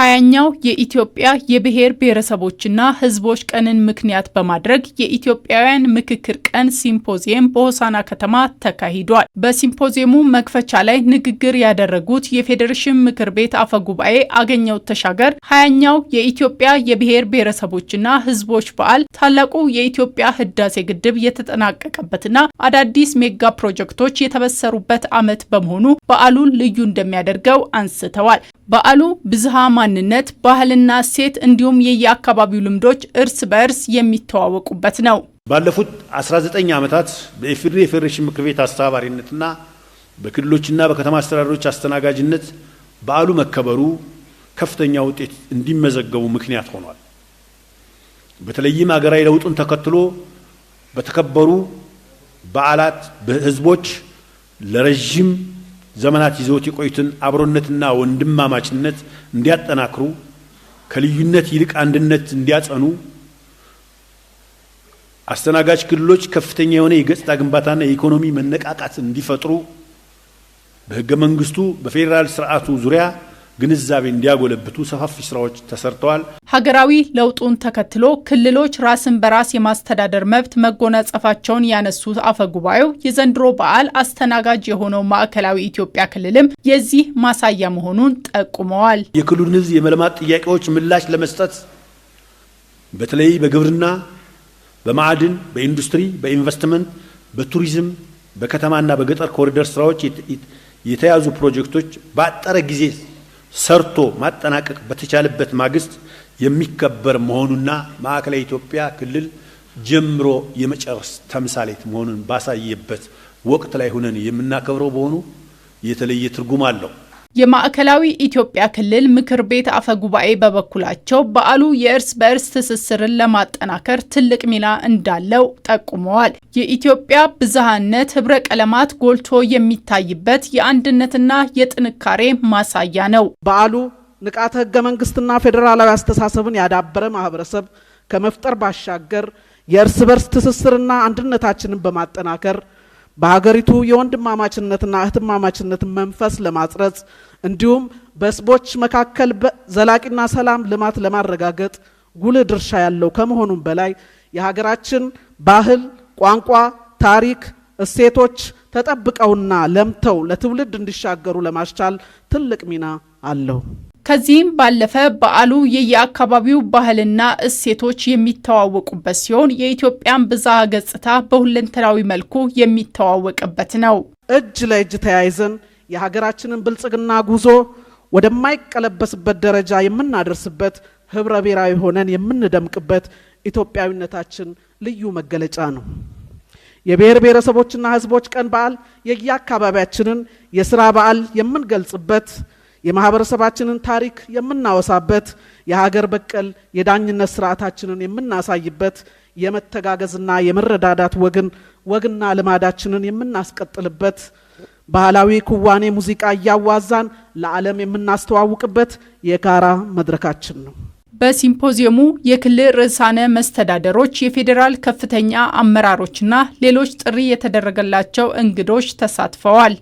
ሀያኛው የኢትዮጵያ የብሔር ብሔረሰቦችና ሕዝቦች ቀንን ምክንያት በማድረግ የኢትዮጵያውያን ምክክር ቀን ሲምፖዚየም በሆሳና ከተማ ተካሂዷል። በሲምፖዚየሙ መክፈቻ ላይ ንግግር ያደረጉት የፌዴሬሽን ምክር ቤት አፈ ጉባኤ አገኘው ተሻገር ሀያኛው የኢትዮጵያ የብሔር ብሔረሰቦችና ሕዝቦች በዓል ታላቁ የኢትዮጵያ ሕዳሴ ግድብ የተጠናቀቀበትና አዳዲስ ሜጋ ፕሮጀክቶች የተበሰሩበት ዓመት በመሆኑ በዓሉን ልዩ እንደሚያደርገው አንስተዋል። በዓሉ ብዝሃ ማንነት፣ ባህልና እሴት እንዲሁም የየአካባቢው ልምዶች እርስ በእርስ የሚተዋወቁበት ነው። ባለፉት 19 ዓመታት በኢፌዴሪ ፌዴሬሽን ምክር ቤት አስተባባሪነትና በክልሎችና በከተማ አስተዳደሮች አስተናጋጅነት በዓሉ መከበሩ ከፍተኛ ውጤት እንዲመዘገቡ ምክንያት ሆኗል። በተለይም ሀገራዊ ለውጡን ተከትሎ በተከበሩ በዓላት በህዝቦች ለረዥም ዘመናት ይዘውት የቆዩትን አብሮነትና ወንድማማችነት እንዲያጠናክሩ ከልዩነት ይልቅ አንድነት እንዲያጸኑ አስተናጋጅ ክልሎች ከፍተኛ የሆነ የገጽታ ግንባታና የኢኮኖሚ መነቃቃት እንዲፈጥሩ በህገ መንግስቱ በፌዴራል ስርዓቱ ዙሪያ ግንዛቤ እንዲያጎለብቱ ሰፋፊ ስራዎች ተሰርተዋል። ሀገራዊ ለውጡን ተከትሎ ክልሎች ራስን በራስ የማስተዳደር መብት መጎናጸፋቸውን ያነሱት አፈ ጉባኤው፣ የዘንድሮ በዓል አስተናጋጅ የሆነው ማዕከላዊ ኢትዮጵያ ክልልም የዚህ ማሳያ መሆኑን ጠቁመዋል። የክልሉን ሕዝብ የመልማት ጥያቄዎች ምላሽ ለመስጠት በተለይ በግብርና፣ በማዕድን፣ በኢንዱስትሪ፣ በኢንቨስትመንት፣ በቱሪዝም፣ በከተማና በገጠር ኮሪደር ስራዎች የተያዙ ፕሮጀክቶች በአጠረ ጊዜ ሰርቶ ማጠናቀቅ በተቻለበት ማግስት የሚከበር መሆኑና ማዕከላዊ ኢትዮጵያ ክልል ጀምሮ የመጨረስ ተምሳሌት መሆኑን ባሳየበት ወቅት ላይ ሁነን የምናከብረው በሆኑ የተለየ ትርጉም አለው። የማዕከላዊ ኢትዮጵያ ክልል ምክር ቤት አፈ ጉባኤ በበኩላቸው በዓሉ የእርስ በእርስ ትስስርን ለማጠናከር ትልቅ ሚና እንዳለው ጠቁመዋል። የኢትዮጵያ ብዝሃነት ህብረ ቀለማት ጎልቶ የሚታይበት የአንድነትና የጥንካሬ ማሳያ ነው። በዓሉ ንቃተ ህገ መንግስትና ፌዴራላዊ አስተሳሰብን ያዳበረ ማህበረሰብ ከመፍጠር ባሻገር የእርስ በርስ ትስስርና አንድነታችንን በማጠናከር በሀገሪቱ የወንድማማችነትና እህትማማችነት መንፈስ ለማጽረጽ እንዲሁም በህዝቦች መካከል ዘላቂና ሰላም ልማት ለማረጋገጥ ጉልህ ድርሻ ያለው ከመሆኑም በላይ የሀገራችን ባህል፣ ቋንቋ፣ ታሪክ፣ እሴቶች ተጠብቀውና ለምተው ለትውልድ እንዲሻገሩ ለማስቻል ትልቅ ሚና አለው። ከዚህም ባለፈ በዓሉ የየአካባቢው ባህልና እሴቶች የሚተዋወቁበት ሲሆን የኢትዮጵያን ብዝሃ ገጽታ በሁለንተናዊ መልኩ የሚተዋወቅበት ነው። እጅ ለእጅ ተያይዘን የሀገራችንን ብልጽግና ጉዞ ወደማይቀለበስበት ደረጃ የምናደርስበት ህብረ ብሔራዊ ሆነን የምንደምቅበት ኢትዮጵያዊነታችን ልዩ መገለጫ ነው። የብሔር ብሔረሰቦችና ህዝቦች ቀን በዓል የየአካባቢያችንን የስራ በዓል የምንገልጽበት የማህበረሰባችንን ታሪክ የምናወሳበት የሀገር በቀል የዳኝነት ስርዓታችንን የምናሳይበት የመተጋገዝና የመረዳዳት ወግን ወግና ልማዳችንን የምናስቀጥልበት ባህላዊ ክዋኔ ሙዚቃ እያዋዛን ለዓለም የምናስተዋውቅበት የጋራ መድረካችን ነው። በሲምፖዚየሙ የክልል ርዕሳነ መስተዳደሮች፣ የፌዴራል ከፍተኛ አመራሮችና ሌሎች ጥሪ የተደረገላቸው እንግዶች ተሳትፈዋል።